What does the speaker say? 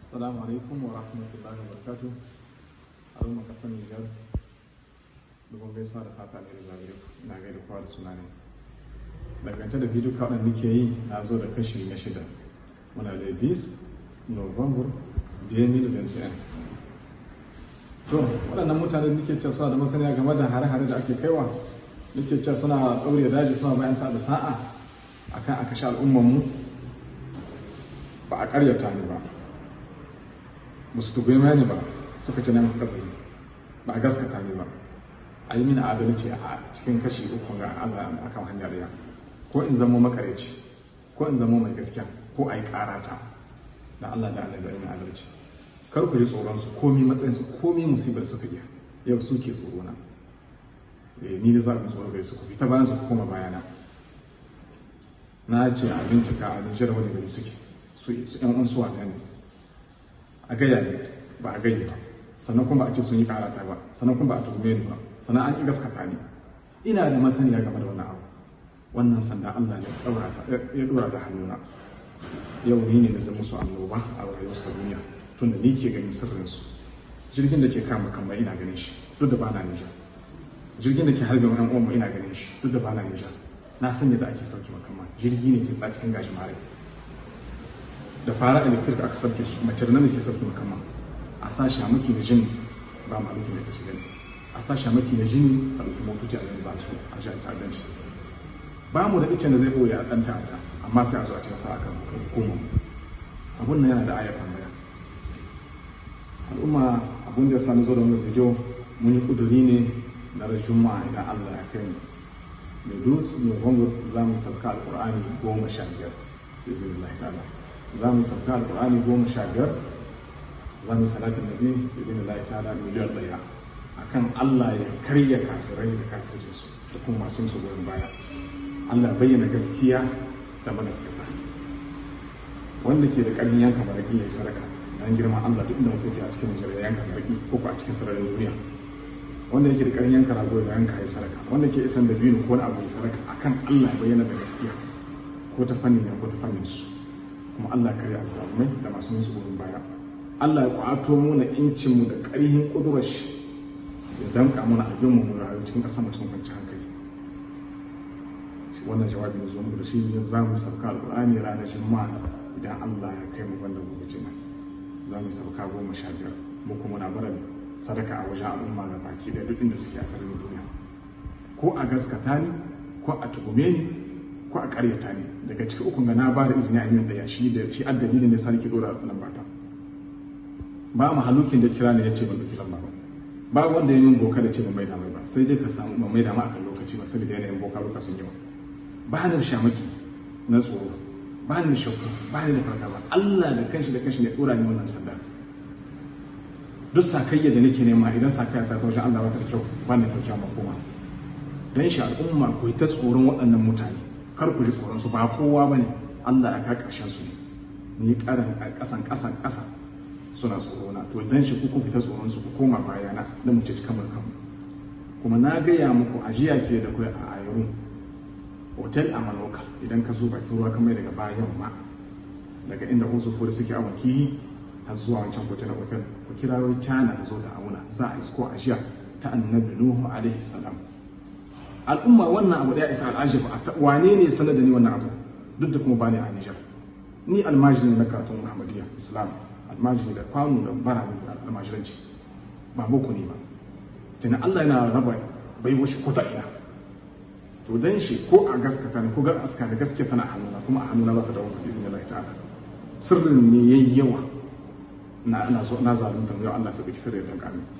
Assalamu alaikum wa rahmatullahi wa barakatuh. Haruna Kasan Nijar, dubon gaisuwa da fata ne da zagare ku, ina gaida kowa da suna ne. Dangante da bidiyo kaɗan nake yi na zo da kashi na shida. Muna da dis, November, 2021. To, waɗannan mutane nake cewa suna da masaniya game da hare-hare da ake kaiwa, nake cewa suna ɗaure daji suna bayan ta da sa'a akan a kashe al'ummarmu ba a ƙaryata ni ba. ba su tugu ne ba suka ce na musu kasari ba a gaskata ne ba a yi mini adalci a cikin kashi uku ga azan kan hanyar ya. ko in zamo makareci ko in zamo mai gaskiya ko a yi karata da Allah da Allah yin adalci kar ku ji tsoron su komi matsayin su komi musibar suka iya yau su ke tsoro na eh, ni da za ku tsoro gare su ku fita bayan su ku koma bayana na ce a bincika a nijar wani gari suke su yan uwan ne a gaya ne ba a gaya ba sannan kuma ba a ce sun yi karata ba sannan kuma ba a tuhume ni ba sannan an ƙi gaskata ni ina da masaniya game da wannan abu wannan sanda Allah ne ya ɗora ta hannuna yau ni ne na zama musu annoba a rayuwarsu ta duniya tunda ni ke ganin sirrinsu jirgin da ke kama kamar ina ganin shi duk da ba na jirgin da ke harbe wani uwan ina ganin shi duk da ba na Nijar na sanya da ake sauke makamma jirgi ne ke tsaya cikin gashi mara da fara electric aka sabke su mace na muke sabke makama a sa shamaki na jini ba ma rufe da sashi gani a sa shamaki na jini a rufe motoci a yanzu su a jihar ta ganci ba mu da ita da zai boye a ɗan ta amma sai a zo a cikin sa'a kan hukuma. abun nan yana da ayar tambaya al'umma abun da ya sami zo da wani video mun yi ƙuduri ne na rajuma idan allah ya kai mu da dus mai gongo za mu sauka alƙur'ani goma sha biyar da zai za mu sauka alƙur'ani goma sha biyar za mu salatin nabi da zina lai ta'ala miliyan A kan Allah ya karya kafirai da kafircin su da kuma masu su goyon baya Allah bayyana gaskiya da manaskata wanda ke da ƙarfin yanka maraƙi ya yi sadaka dan girma Allah duk da mutum ke a cikin Najeriya yanka maraƙi ko a cikin sararin duniya wanda yake da ƙarfin yanka rago da yanka ya sadaka wanda ke isan da biyu ko wani abu ya sadaka akan Allah bayyana da gaskiya ko ta fannin ko ta fannin su kuma Allah kare azzalumai da masu musu goyon baya Allah ya kwato muna incin mu da karihin kudurar shi ya danka muna abin mu rayu cikin ƙasa mutum kwanci hankali wannan jawabi ne zuwa da shi ne za mu sauka alkur'ani ranar juma'a idan Allah ya kai mu wannan gobe za mu sauka goma sha biyar mu kuma na barin sadaka a wajen al'umma ga baki da duk inda suke a duniya ko a gaskata ni ko a tugume ni ko a ƙaryata ne daga cikin ukun ga na ba da izini a yi min daya shi da shi addalilin da sani nake dora nan bata ba mu halukin da kira ne ya ce ban dauki lamba ba ba wanda ya yi min boka da ce ban maida mai ba sai dai ka samu ban maida ma kan lokaci ba saboda yanayin boka ruka sun yi ba ba ni da shamaki na tsoro ba ni da shakku ba ni da fargaba Allah da kanshi da kanshi ne dora ni wannan sanda duk sakayya da nake nema idan sakayya ta wajen Allah ba ta kyau ba ni da kyau ba kuma dan shi al'umma ko ta tsoron waɗannan mutane kar ku ji tsoronsu su ba kowa bane Allah ya ka su ne ni karan kasan kasan kasa suna tsoro to dan shi ku fita tsoron su ku koma bayana na mu ci kamar kanmu kuma na gaya muku ajiya ke da kai a ayyuru hotel a Maloka idan ka zo bakin ruwa kamar daga bayan ma daga inda usufu suke a har zuwa wancan hotel hotel ku kirawo tana da zo ta auna za a isko ajiya ta annabi Nuhu alaihi salam al'umma wannan abu da ya isa al'ajibu wane ne sanar da ni wannan abu duk da kuma bani a Nijar ni almajiri ne na karatun Muhammadiyya Islam almajiri da kwano da bara da almajiranci ba muku ne ba tana Allah yana raba bai washi kota ina to dan shi ko a gaskata ne ko ga aska da gaske tana hannuna kuma a hannuna ba ta wani izini iznillahi ta'ala sirrin ne yayi yawa na na zalunta yau Allah ya saki sirrin dan kamin